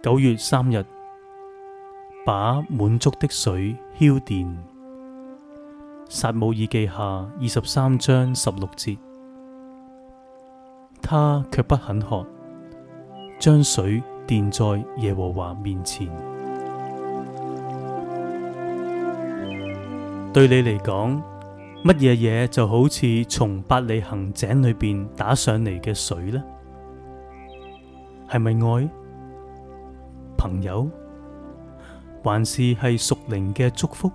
九月三日，把滿足的水澆奠。撒母耳記下二十三章十六節，他却不肯喝，將水奠在耶和華面前。對你嚟講，乜嘢嘢就好似從伯利恆井裏邊打上嚟嘅水呢？係咪愛？朋友？還是係屬靈嘅祝福？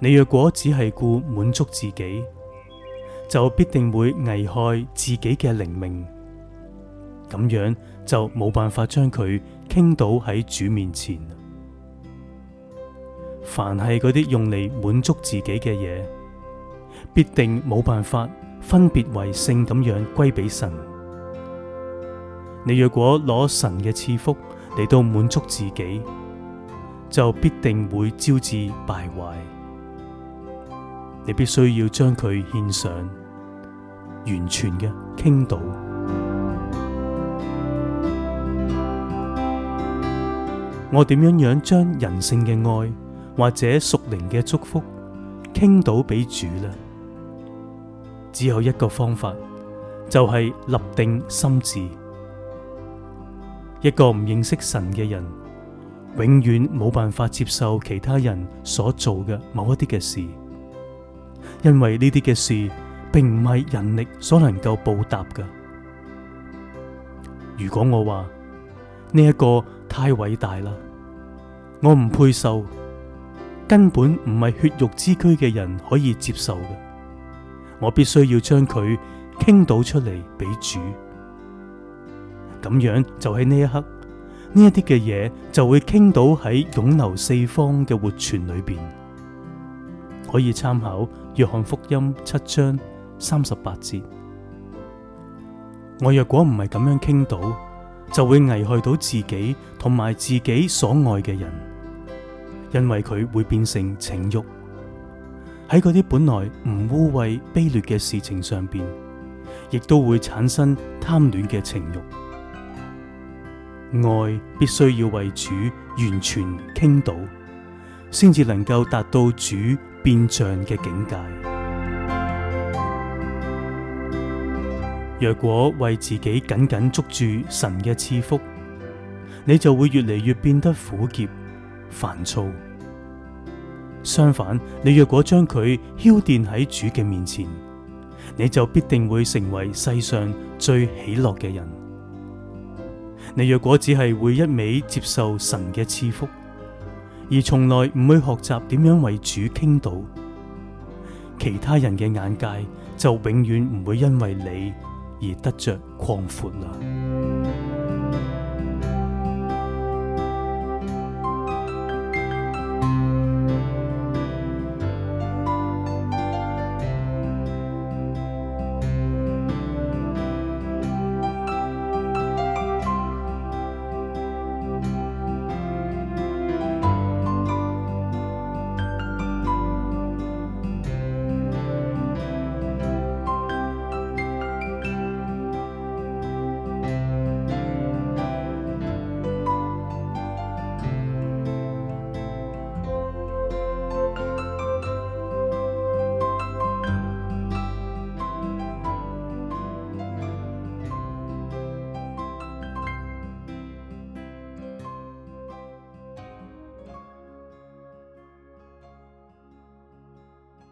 你若果只係顧滿足自己，就必定會危害自己嘅靈命。咁樣就冇辦法將佢傾倒喺主面前。凡係嗰啲用嚟滿足自己嘅嘢，必定冇辦法分別為聖咁樣歸俾神。你若果攞神嘅賜福嚟到滿足自己，就必定會招致敗壞。你必須要將佢獻上，完全嘅傾倒。我點樣樣將人性嘅愛或者屬靈嘅祝福傾倒俾主咧？只有一個方法，就係、是、立定心智。一個唔認識神嘅人，永遠冇辦法接受其他人所做嘅某一啲嘅事，因為呢啲嘅事並唔係人力所能夠報答㗎。如果我話呢一個太偉大啦，我唔配受，根本唔係血肉之軀嘅人可以接受嘅，我必須要將佢傾倒出嚟俾主。咁樣就喺呢一刻，呢一啲嘅嘢，就會傾倒喺湧流四方嘅活泉裏邊，可以參考《約翰福音》七章三十八節。我若果唔係咁樣傾倒，就會危害到自己同埋自己所愛嘅人，因為佢會變成情欲喺嗰啲本來唔污穢卑劣嘅事情上邊，亦都會產生貪戀嘅情欲。愛必須要為主完全傾倒，先至能夠達到主變像嘅境界。若果為自己緊緊捉住神嘅賜福，你就會越嚟越變得苦澀、煩躁。相反，你若果將佢澆奠喺主嘅面前，你就必定會成為世上最喜樂嘅人。你若果只係會一味接受神嘅賜福，而從來唔會學習點樣為主傾倒，其他人嘅眼界就永遠唔會因為你而得着擴闊啦。